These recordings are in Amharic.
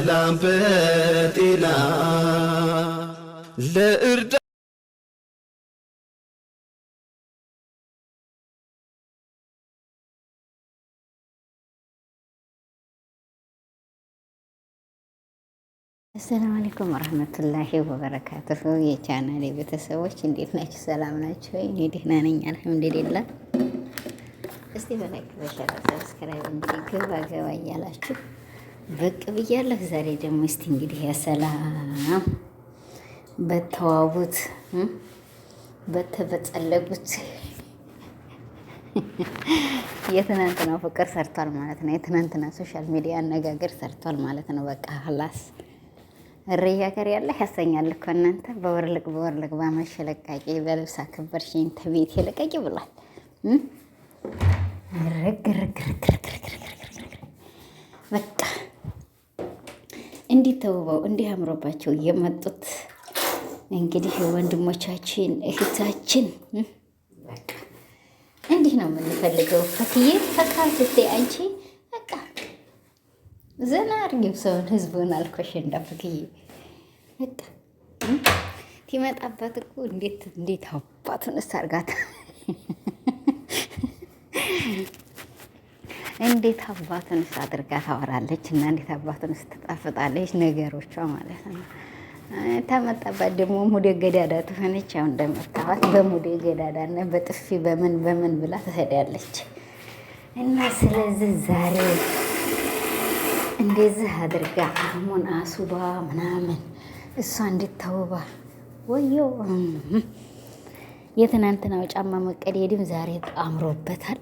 በሰላም በጤና ለእርዳ አሰላሙ አለይኩም ወረህመቱላሂ ወበረካቱሁ የቻናሌ ቤተሰቦች እንዴት ናችሁ? ሰላም ናችሁ ወይ? እኔ ደህና ነኝ አልሐምዱሊላህ። እስቲ በላይክ በሸራ ሰብስክራይብ እንጂ ግባ ገባ እያላችሁ ብቅ ብያለሁ። ዛሬ ደግሞ እስቲ እንግዲህ ያሰላም በተዋቡት በተበጸለጉት የትናንትናው ፍቅር ሰርቷል ማለት ነው። የትናንትና ሶሻል ሚዲያ አነጋገር ሰርቷል ማለት ነው። በቃ ላስ እረያገር ያለ ያሰኛል እኮ እናንተ በወርልቅ በወርልቅ ባመሽ ለቃቂ በልብስ አከበርሽኝ ተቤት የለቀቂ ብሏል። በቃ እንዲህ ተውበው እንዲህ አምሮባቸው የመጡት እንግዲህ ወንድሞቻችን እህታችን እንዲህ ነው የምንፈልገው። ፈክዬ ፈካልትቴ አንቺ በቃ ዘና አርጊው ሰውን ህዝቡን አልኮሽ እንዳ ፈክዬ በቃ ትመጣባት እኮ እንዴት እንዴት አባቱን እሳርጋት እንዴት አባቱንስ አድርጋ ታወራለች እና እንዴት አባቱንስ ትጣፍጣለች ነገሮቿ ማለት ነው። ተመጣባት ደግሞ ሙዴ ገዳዳ ትሆነች። ያው እንደመጣባት በሙዴ ገዳዳና በጥፊ በምን በምን ብላ ትሄዳለች። እና ስለዚህ ዛሬ እንደዚህ አድርጋ አህሙን አሱባ ምናምን እሷ እንድታውባ ወዮ የትናንትናው ጫማ መቀደድም ዛሬ አምሮበታል።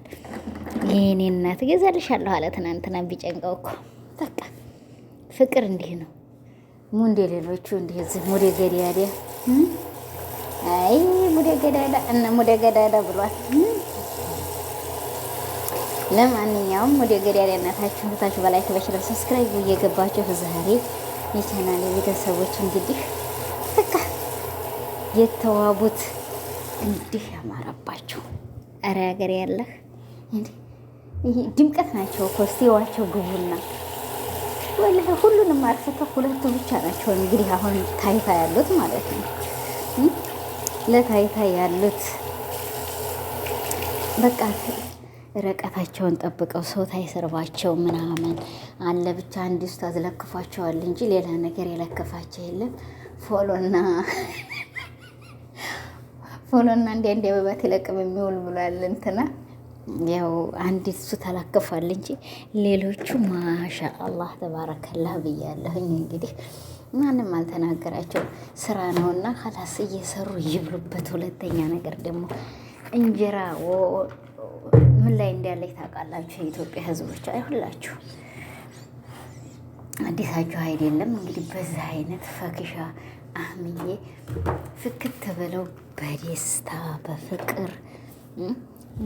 የኔ እናት እገዛልሻለሁ አለ ትናንትና። ቢጨንቀው እኮ በቃ ፍቅር እንዲህ ነው። ሙንዴ ሌሎቹ እንዲህ እዚህ ሙዴ ገዳዳ አይ ሙዴ ገዳዳ እና ሙዴ ገዳዳ ብሏል። ለማንኛውም ሙዴ ገዳዳ እናታችሁ ታችሁ በላይ ተበሽለ ሰብስክራይብ እየገባችሁ ዛሬ የቻናል ቤተሰቦች እንግዲህ በቃ የተዋቡት እንዲህ ያማረባቸው አረ ሀገር ያለህ ድምቀት ናቸው እኮ ሲዋቸው ግቡና ወላሂ ሁሉንም አርፍተው ሁለቱ ብቻ ናቸው እንግዲህ አሁን ታይታ ያሉት ማለት ነው። ለታይታ ያሉት በቃ ረቀታቸውን ጠብቀው ሰው ታይሰርባቸው ምናምን አለ ብቻ አንድ ኡስታዝ ለክፏቸዋል እንጂ ሌላ ነገር የለክፋቸው የለም። ፎሎና ፎሎና እንዲ አንድ አበባ ይለቅም የሚውል ብሏል እንትና ያው አንድ እሱ ተላከፋል እንጂ ሌሎቹ ማሻ አላህ ተባረከላህ ብያለሁኝ። እንግዲህ ማንም አልተናገራቸው ስራ እና ከላስ እየሰሩ ይብሉበት። ሁለተኛ ነገር ደግሞ እንጀራ ምን ላይ እንዳለች ታውቃላችሁ? የኢትዮጵያ ህዝቦች አይሁላችሁ አዲሳችሁ አይደለም። እንግዲህ በዛ አይነት ፈክሻ አህምዬ ፍክት ብለው በደስታ በፍቅር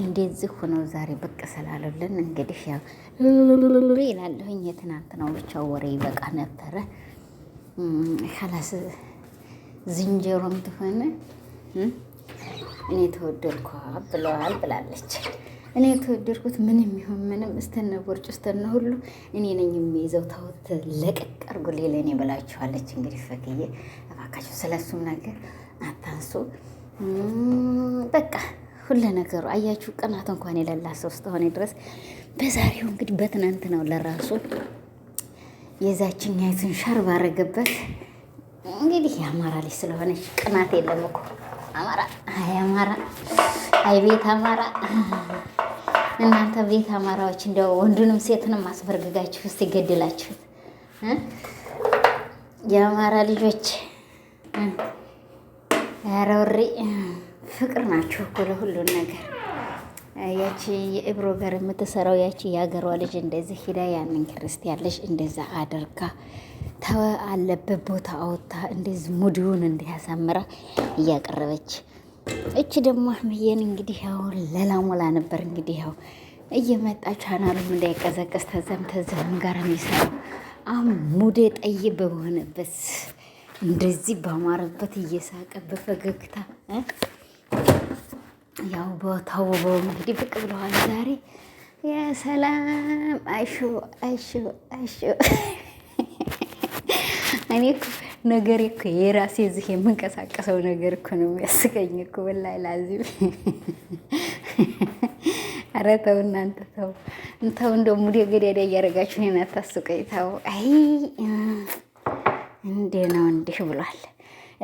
እንደዚህ ሆነው ዛሬ ብቅ ስላሉልን እንግዲህ ያው ይላለሁኝ። የትናንትናው ብቻ ወሬ ይበቃ ነበረ። ከላስ ዝንጀሮም ትሆነ እኔ ተወደድኳ ብለዋል ብላለች። እኔ የተወደድኩት ምንም ይሁን ምንም እስተነ ቦርጭ እስተነ ሁሉ እኔ ነኝ የሚይዘው። ታወት ለቅቅ አርጎ ሌለ እኔ ብላችኋለች። እንግዲህ ፈግዬ እባካችሁ ስለሱም ነገር አታንሱ በቃ ሁለ ነገሩ አያችሁ፣ ቅናት እንኳን የሌላ ሰው እስከሆነ ድረስ በዛሬው እንግዲህ በትናንት ነው ለራሱ የዛችኛ ያይትን ሸር ባረገበት እንግዲህ የአማራ ልጅ ስለሆነች ቅናት የለም እኮ አማራ፣ አይ አማራ፣ አይ ቤት አማራ። እናንተ ቤት አማራዎች እንደው ወንዱንም ሴትንም አስበርግጋችሁ ውስጥ ይገድላችሁት የአማራ ልጆች ረውሬ ፍቅር ናቸው እኮ ለሁሉን ነገር። ያቺ የእብሮ ጋር የምትሰራው ያቺ የሀገሯ ልጅ እንደዚህ ሂዳ ያንን ክርስቲያን ልጅ እንደዛ አድርጋ ተወ አለበት ቦታ አወታ እንደዚህ ሙዲውን እንዲያሳምራ እያቀረበች እች ደግሞ አህመዬን እንግዲህ ያው ለላሞላ ነበር እንግዲህ ያው እየመጣ ቻናሉም እንዳይቀዘቀስ ተዘም ተዘም ጋር የሚሰራው አሁን ሙዴ ጠይ በሆነበት እንደዚህ ባማረበት እየሳቀ በፈገግታ ያው በተውበው እንግዲህ ብቅ ብለዋል ዛሬ። የሰላም አሹ አሹ አሹ። እኔ ነገር እኮ የራሴ እዚህ የምንቀሳቀሰው ነገር እኮ ነው የሚያስቀኝ እኮ ወላሂ ላዚም። ኧረ ተው እናንተ ተው እንተው እንደ ሙዴ ገዳዳ እያደረጋችሁ እኔን ተው። አይ እንዴ ነው እንዲህ ብሏል።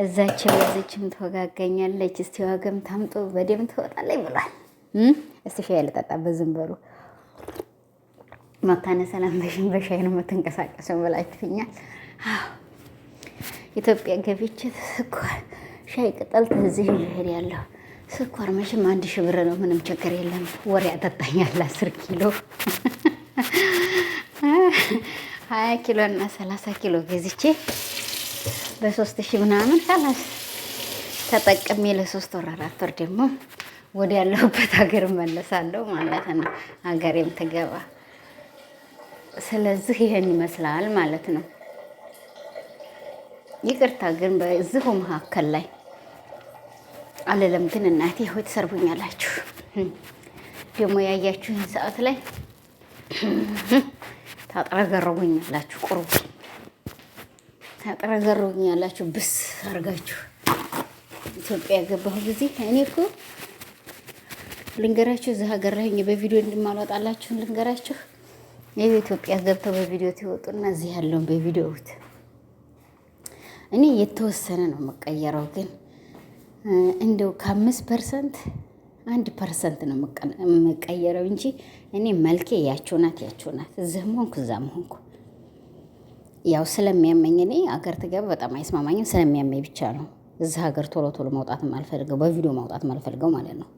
እዛችም ያዘችም ተወጋገኛለች። እስቲ ዋገም ታምጦ በደም ትወጣለች ብሏል። እስቲ ሻይ ለጠጣ በዝም በሉ። መካነ ሰላም በሽን በሻይ ነው የምትንቀሳቀሰው ብላችሁኛል። ኢትዮጵያ ገብቼ ስኳር ሻይ ቅጠል ተዚህ ይሄድ ያለሁ ስኳር መቼም አንድ ሺህ ብር ነው። ምንም ችግር የለም። ወሬ ያጠጣኛል። አስር ኪሎ ሀያ ኪሎ እና ሰላሳ ኪሎ ገዝቼ በሶስት ሺህ ምናምን ካላስ ተጠቅሜ ለሶስት ወር አራት ወር ደግሞ ወደ ያለሁበት ሀገር መለሳለሁ ማለት ነው። ሀገሬም ትገባ። ስለዚህ ይሄን ይመስላል ማለት ነው። ይቅርታ ግን በዚሁ መካከል ላይ አለለም ግን እናቴ ሆይ ትሰርቡኛላችሁ። ደግሞ ያያችሁን ሰዓት ላይ ታጥረገረቡኛላችሁ ቁርቡ ታጠረዘሩኝ ብስ አድርጋችሁ ኢትዮጵያ ያገባሁ ጊዜ እኔ እኮ ልንገራችሁ፣ እዚህ ሀገር ላይ በቪዲዮ ልንገራችሁ። ይህ ኢትዮጵያ ገብተው በቪዲዮ ትወጡና እዚህ ያለውን በቪዲዮ ውት እኔ የተወሰነ ነው የምቀየረው፣ ግን እንደው ከአምስት ፐርሰንት አንድ ፐርሰንት ነው የምቀየረው እንጂ እኔ መልኬ ያችሁ ናት እዚህም ሆንኩ እዛም ሆንኩ ያው ስለሚያመኝ እኔ አገር ትገባ በጣም አይስማማኝም። ስለሚያመኝ ብቻ ነው እዚህ ሀገር ቶሎ ቶሎ መውጣት ማልፈልገው፣ በቪዲዮ ማውጣት ማልፈልገው ማለት ነው።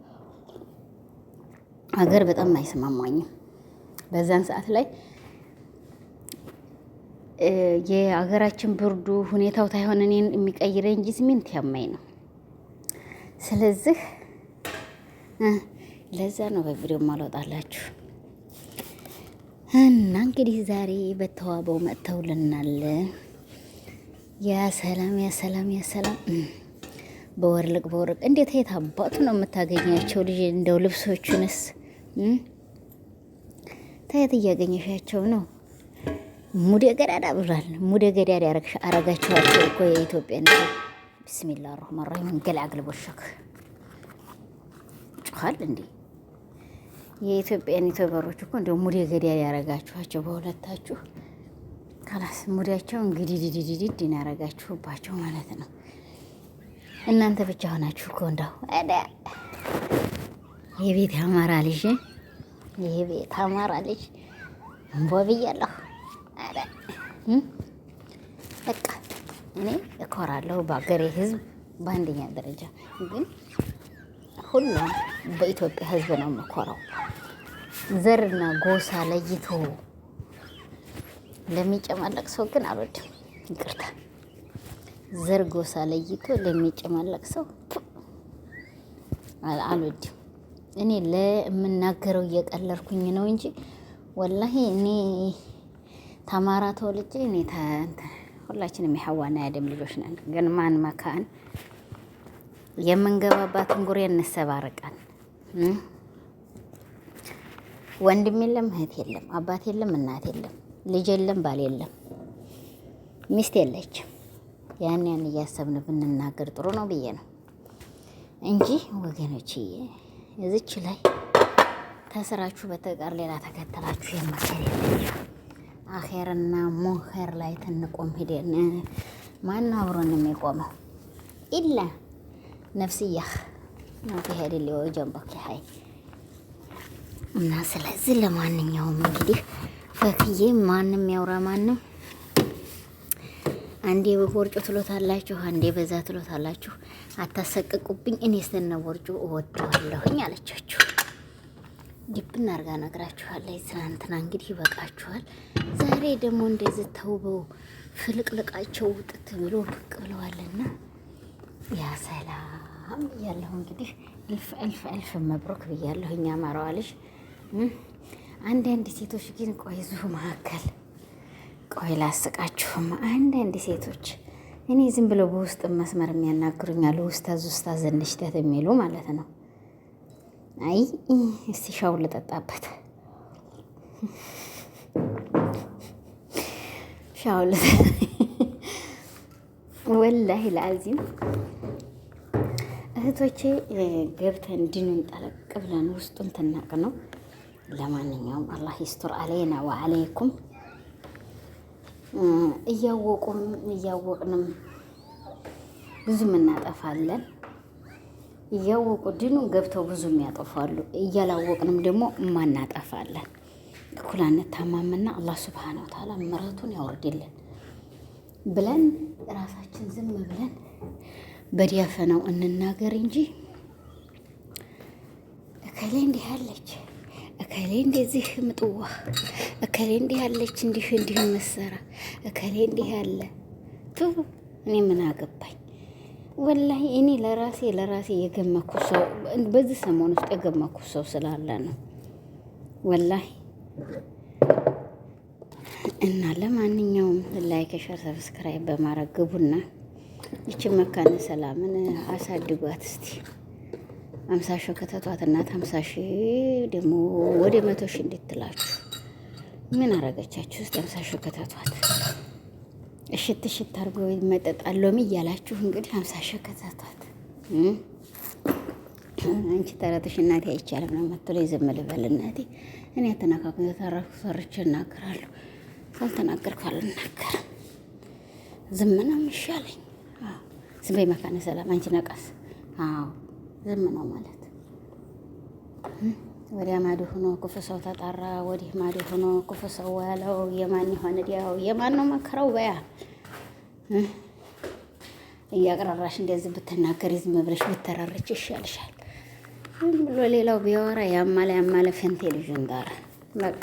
አገር በጣም አይስማማኝም። በዛን ሰዓት ላይ የአገራችን ብርዱ ሁኔታው ታይሆን እኔን የሚቀይረኝ እንጂ ስሜንት ያማኝ ነው። ስለዚህ ለዛ ነው በቪዲዮ ማልወጣላችሁ። እና እንግዲህ ዛሬ በተዋበው መጥተውልናል። ያ ሰላም ያ ሰላም ያ ሰላም በወርልቅ በወርቅ እንዴት የት አባቱ ነው የምታገኛቸው? ልጅ እንደው ልብሶቹንስ ታየት እያገኘሻቸው ነው። ሙደ ገዳዳ ብሏል። ሙደ ገዳዳ አረጋቸዋቸው እኮ የኢትዮጵያ ነ ብስሚላ ረህማን ራሂም ገላግል ቦሸክ ጩኋል እንዴ የኢትዮጵያን ዩቱበሮች እኮ እንደ ሙዴ ገዲያ ያረጋችኋቸው በሁለታችሁ ካላስ ሙዲያቸው እንግዲህ ዲዲዲዲድ ያረጋችሁባቸው ማለት ነው። እናንተ ብቻ ሆናችሁ እኮ እንዳሁ የቤት አማራ ልጅ የቤት አማራ ልጅ እንቦ ብያለሁ። በቃ እኔ እኮራለሁ በአገሬ ሕዝብ በአንደኛ ደረጃ ግን ሁሉም በኢትዮጵያ ህዝብ ነው የምኮረው። ዘርና ጎሳ ለይቶ ለሚጨማለቅ ሰው ግን አልወድም። ይቅርታ፣ ዘር ጎሳ ለይቶ ለሚጨማለቅ ሰው አልወድም። እኔ ለምናገረው እየቀለርኩኝ ነው እንጂ ወላሂ እኔ ተማራ ተወልጄ እኔ ሁላችንም የሐዋና የአደም ልጆች ነን። ግን ማን መካን የምንገባባትን ጉሬ እንሰባርቃል። ወንድም የለም፣ እህት የለም፣ አባት የለም፣ እናት የለም፣ ልጅ የለም፣ ባል የለም፣ ሚስት የለችም። ያን ያን እያሰብን ብንናገር ጥሩ ነው ብዬ ነው እንጂ ወገኖች፣ እዚች ላይ ተስራችሁ በተቀር ሌላ ተከተላችሁ የመከር አኼርና ሞኸር ላይ ትንቆም ሂደን ማን አብሮን የሚቆመው ኢላ ነፍስያህ ናት ሄድ ሊወ ጀንበክ ሀይ እና ስለዚህ ለማንኛውም እንግዲህ ፈክዬ ማንም ያውራ ማንም አንዴ በቦርጮ ትሎት አላችሁ፣ አንዴ በዛ ትሎት አላችሁ። አታሰቅቁብኝ፣ እኔ ስነ ቦርጮ እወደዋለሁኝ አለቻችሁ። ድብና አርጋ ነግራችኋለች ትናንትና። እንግዲህ ይበቃችኋል። ዛሬ ደግሞ እንደዚህ ተውበው ፍልቅልቃቸው ውጥት ብሎ ብቅ ብለዋልና ያ ሰላም ብያለሁ። እንግዲህ እልፍ እልፍ እልፍ መብሩክ ብያለሁ። እኛ አማራዋ አንዳንድ ሴቶች ግን ቆይ ዙሁ መካከል ቆይ ላስቃችሁም። አንዳንድ ሴቶች እኔ ዝም ብለው በውስጥ መስመር የሚያናግሩኛል ውስታዝ ውስታዝ እንሽተት የሚሉ ማለት ነው። አይ እስቲ ሻው ልጠጣበት፣ ሻው ወላሂ ለአዚም እህቶቼ ገብተን ድኑን ጠለቅ ብለን ውስጡን ትናቅ ነው። ለማንኛውም አላህ ይስቱር አለይና ወአለይኩም። እያወቁም እያወቅንም ብዙ እናጠፋለን። እያወቁ ድኑን ገብተው ብዙ ያጠፋሉ። እያላወቅንም ደግሞ እማናጠፋለን። እኩል አንታማምና አላህ ስብሓነ ወተዓላ ምሕረቱን ያወርድልን። ብለን ራሳችን ዝም ብለን በዲያፈናው እንናገር እንጂ እከሌ እንዲህ አለች፣ እከሌ እንደዚህ ምጥዋ፣ እከሌ እንዲህ አለች፣ እንዲህ እንዲህ መሰራ፣ እከሌ እንዲህ አለ ቱ እኔ ምን አገባኝ? ወላሂ እኔ ለራሴ ለራሴ የገመኩ ሰው በዚህ ሰሞን ውስጥ የገመኩ ሰው ስላለ ነው ወላሂ እና ለማንኛውም ላይክ፣ ሸር፣ ሰብስክራይብ በማድረግ ግቡና ይችን መካነ ሰላምን አሳድጓት እስቲ አምሳ ሺ ከተቷት እናት አምሳ ሺ ደግሞ ወደ መቶ ሺ እንድትላችሁ ምን አረገቻችሁ? ውስጥ አምሳ ሺ ከተቷት እሽት እሽት አድርጎ መጠጣል ሎሚ እያላችሁ እንግዲህ አምሳ ሺ ከተቷት አንቺ ተረትሽ እናቴ አይቻልም ነው መትሎ የዘመልበል እናቴ እኔ ተናካኩ የተረፉ ሰርቼ እናገራለሁ። ካልተናገርኩ አልናገርም። ዝም ነው ይሻለኝ። ዝም መካነ ሰላም አንቺ ነቀስ። አዎ ዝም ነው ማለት ወዲያ ማዶ ሆኖ ክፉ ሰው ተጣራ፣ ወዲህ ማዶ ሆኖ ክፉ ሰው ያለው የማን ይሆን? ዲያው የማን ነው መከራው? በያ እያቅራራሽ እንደዚህ ብትናገር ዝም ብለሽ ብትራርች ይሻልሻል ብሎ ሌላው ቢያወራ ያማለ ያማለ ፈንቴ ልጅ ጋር በቃ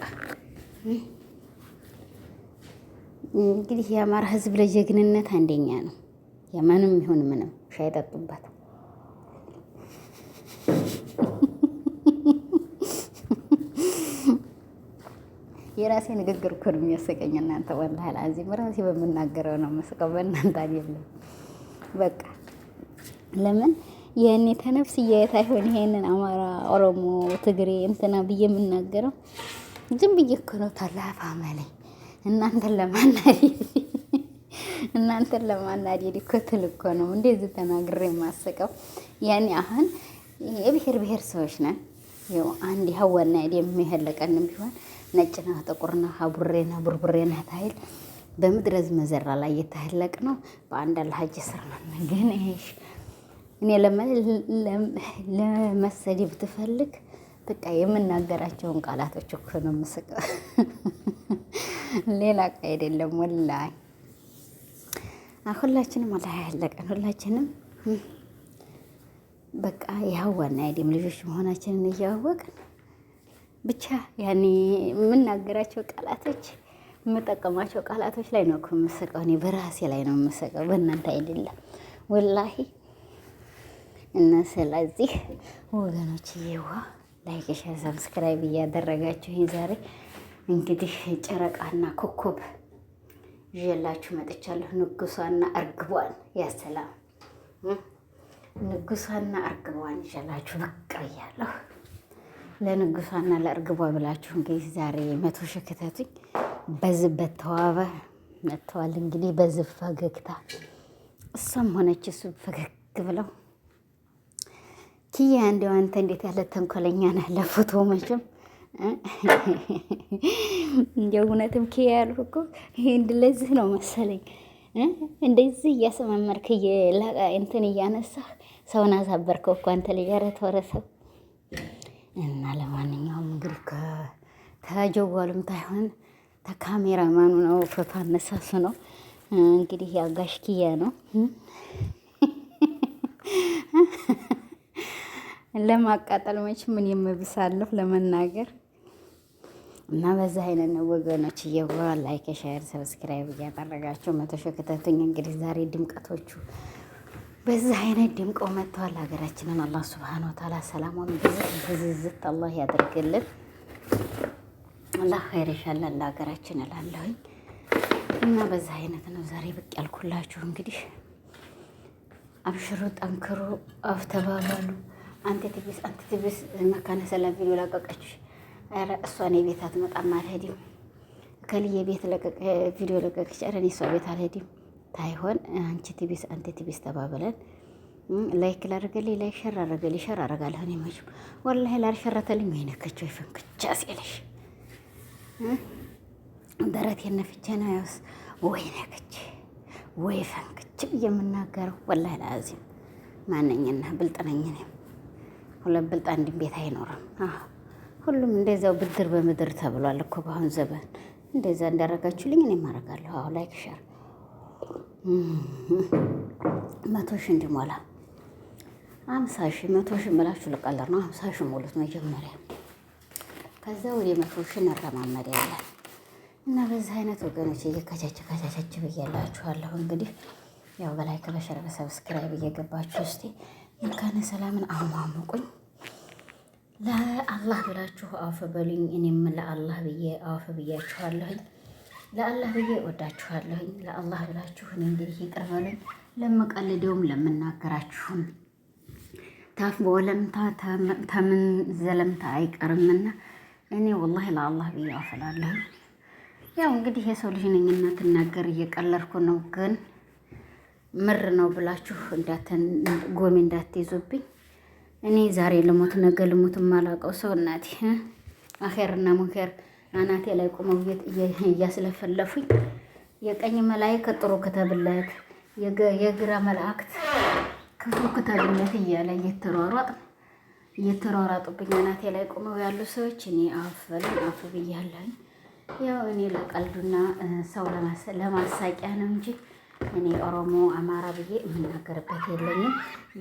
እንግዲህ የአማራ ህዝብ ለጀግንነት አንደኛ ነው። የማንም ይሁን ምንም ሻይ ጠጡበት። የራሴ ንግግር እኮ ነው የሚያስቀኝ እናንተ። ወላሂ አዚም ራሴ በምናገረው ነው መስቀው በእናንተ አይደለም። በቃ ለምን ይህን ተነፍስ እያየት አይሆን ይሄንን አማራ፣ ኦሮሞ፣ ትግሬ እንትና ብዬ የምናገረው ዝም ብዬ እኮ ነው ታላፋ መለኝ እናንተን ለማናደድ እናንተን ለማናደድ እኮ ትልኮ እኮ ነው እንደዚህ ተናግሬ የማስቀው። ያኔ አሁን የብሔር ብሔር ሰዎች ነን። ያው አንድ ሀዋና የሚያለቀንም ቢሆን ነጭና ጥቁርና ሀቡሬና ቡርቡሬና ታይል በምድረ መዘራ ላይ እየተህለቅ ነው። በአንድ አልሀጅ ስር ነው ግን እኔ ለመሰደብ ብትፈልግ በቃ የምናገራቸውን ቃላቶች እኮ ነው የምስቀው። ሌላ ቃ አይደለም። ወላሂ ሁላችንም አላህ ያለቀን ሁላችንም በቃ የሀዋና የአደም ልጆች መሆናችንን እያወቅን ብቻ ያኔ የምናገራቸው ቃላቶች የምጠቀማቸው ቃላቶች ላይ ነው የምስቀው። እኔ በራሴ ላይ ነው የምስቀው፣ በእናንተ አይደለም ወላሂ እና ስለዚህ ወገኖች እየዋ ላይክ፣ ሸር፣ ሰብስክራይብ እያደረጋችሁ ዛሬ እንግዲህ ጨረቃና ኮከብ ይዤላችሁ መጥቻለሁ። ንጉሷና እርግቧን ያሰላም ንጉሷና እርግቧን ይዤላችሁ ብቅ ብያለሁ። ለንጉሷና ለእርግቧ ብላችሁ እንግዲህ ዛሬ መቶ ሺህ ክተቱኝ። በዚህ በተዋበ መጥተዋል እንግዲህ በዚህ ፈገግታ እሷም ሆነች እሱ ፈገግ ብለው ኪያ እንደው አንተ እንዴት ያለ ተንኮለኛ ነህ! ለፎቶ መቼም እንደው እውነትም ኪያ ያልኩ እኮ ይሄን ለዚህ ነው መሰለኝ እንደዚህ እያሰማመርክ እንትን እያነሳህ ሰውን አሳበርከው እኮ አንተ ልጅ። ኧረ ተወው እና ለማንኛውም እንግዲህ ተጀዋሉም ታይሆን ተካሜራማኑ ነው ፎቶ አነሳሱ ነው እንግዲህ ያጋሽ ጋሽ ኪያ ነው። ለማቃጠል መች ምን የምብሳለሁ ለመናገር እና በዛ አይነት ነው ወገኖች፣ እየዋ ላይክ፣ ሸር ሰብስክራይብ እያደረጋቸው መቶ ሺህ ከተቱኝ። እንግዲህ ዛሬ ድምቀቶቹ በዛ አይነት ድምቀው መጥተዋል። ሀገራችንን አላህ ሱብሃነሁ ወተዓላ ሰላሟን ብዝዝት አላህ ያደርግልን። አላህ ኸይር ይሻላል ለሀገራችን እላለሁኝ። እና በዛ አይነት ነው ዛሬ ብቅ ያልኩላችሁ። እንግዲህ አብሽሩ፣ ጠንክሩ፣ አፍተባባሉ ተባባሉ። አንተ ትብስ አንተ ትብስ መካነ ሰላም ቪዲዮ ለቀቀች። ኧረ እሷን የቤት አትመጣም አልሄድም። ከልዬ የቤት ለቀቀ ቪዲዮ ለቀቀች። ኧረ እኔ እሷ ቤት አልሄድም። ታይሆን አንቺ ትብስ አንተ ትብስ ተባብለን ላይክ ላደርገልኝ ላይክ ሸር አደርገልኝ ሸር አደርጋለሁ። እኔ መቼም ወላሂ ላልሸረተልኝ ወይ ነከች ወይ ፈንክቻ ሲልሽ ደረት የነፍቼ ነው ያውስ ወይ ነከች ወይ ፈንክች ብዬ የምናገረው ወላሂ ለአዚም ማነኝና ብልጥነኝ ነኝ ሁለት ብልጥ አንድ ቤት አይኖርም። ሁሉም እንደዛው ብድር በምድር ተብሏል እኮ በአሁን ዘመን። እንደዛ እንዳረጋችሁልኝ እኔ ማረጋለሁ። አሁ ላይክ ሸር መቶ ሺ እንዲሞላ አምሳ ሺ መቶ ሺ ምላችሁ ልቀለር ነው። አምሳ ሺ ሞሉት መጀመሪያ፣ ከዛ ወደ መቶ ሺ እንረማመድ ያለን እና በዚህ አይነት ወገኖች እየከቻች ከቻቻች ብያላችኋለሁ። እንግዲህ ያው በላይክ በሸር በሰብስክራይብ እየገባችሁ እስቲ እርካነ ሰላምን አሟሙቁኝ። ለአላህ ብላችሁ አውፍ በሉኝ። እኔም ለአላህ ብዬ አውፍ ብያችኋለሁኝ። ለአላህ ብዬ እወዳችኋለሁኝ። ለአላህ ብላችሁ እኔ እንግዲህ ይቅር በሉኝ። ለምቀልደውም ለምናገራችሁም ታፍ በወለምታ ተምን ዘለምታ አይቀርምና እኔ ወላሂ ለአላህ ብዬ አውፍ እላለሁኝ። ያው እንግዲህ የሰው ልጅ ነኝና ትናገር እየቀለድኩ ነው ግን ምር ነው ብላችሁ ጎሜ እንዳትይዙብኝ። እኔ ዛሬ ልሞት ነገ ልሞት የማላውቀው ሰው እናቴ አኼርና ሙንኬር አናቴ ላይ ቆመው እያስለፈለፉኝ የቀኝ መላይ ጥሩ ክተብለት የግራ መላእክት ክፉ ክተብለት እያለ እየተሯሯጥ እየተሯሯጡብኝ አናቴ ላይ ቁመው ያሉ ሰዎች እኔ አፈልን አፍ ብያለሁኝ። ያው እኔ ለቀልዱና ሰው ለማሳቂያ ነው እንጂ እኔ ኦሮሞ አማራ ብዬ የምናገርበት የለኝም።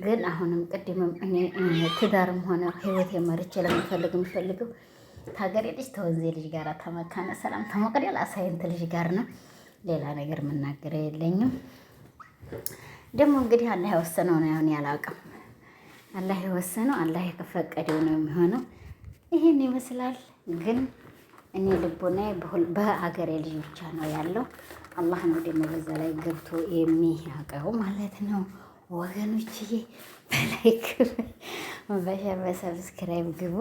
ግን አሁንም ቅድምም እኔ ትዳርም ሆነ ህይወት የመርቼ ለምፈልግ የምፈልገው ታገሬ ልጅ ተወንዜ ልጅ ጋር ተመካነ ሰላም ተሞቅደል አሳይንት ልጅ ጋር ነው። ሌላ ነገር የምናገረ የለኝም። ደግሞ እንግዲህ አላህ የወሰነው ነው ያሁን ያላውቅም። አላህ የወሰነው አላህ የፈቀደው ነው የሚሆነው። ይህን ይመስላል። ግን እኔ ልቦና በሀገሬ ልጅ ብቻ ነው ያለው። አላህ ነው ደግሞ በዛ ላይ ገብቶ የሚያውቀው ማለት ነው ወገኖችዬ። በላይክ በሸር በሰብስክራይብ ግቡ።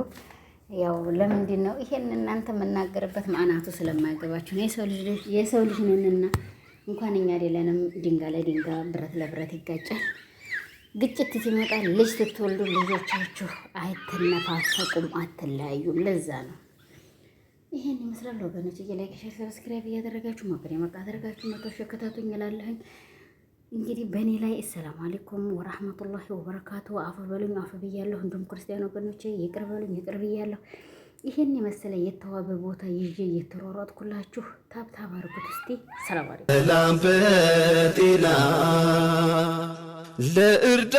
ያው ለምንድን ነው ይሄን እናንተ የምናገርበት ማዕናቱ ስለማይገባችሁ ነው። የሰው ልጅ ነንና እንኳን እኛ አይደለንም፣ ድንጋይ ለድንጋይ ብረት ለብረት ይጋጫል። ግጭት ሲመጣ ልጅ ስትወልዱ ልጆቻችሁ አይተነፋፈቁም፣ አትለያዩም። ለዛ ነው ይሄን ይመስላል ወገኖች። ላይክ፣ ሼር፣ ሰብስክራይብ እያደረጋችሁ ሞክሬ መቃ አደረጋችሁ መቶ ሸከታቱኝ እላለሁኝ። እንግዲህ በእኔ ላይ አሰላሙ አለይኩም ወራህመቱላሂ ወበረካቱ። አፍ በሉኝ አፍ ብያለሁ። እንዲሁም ክርስቲያን ወገኖች ይቅር በሉኝ ይቅር ብያለሁ። ይሄን የመሰለ የተዋበ ቦታ ይዤ እየተሯሯጥኩላችሁ ታብታብ አድርጉት እስቲ። ሰላም አለይኩም ለእርዳ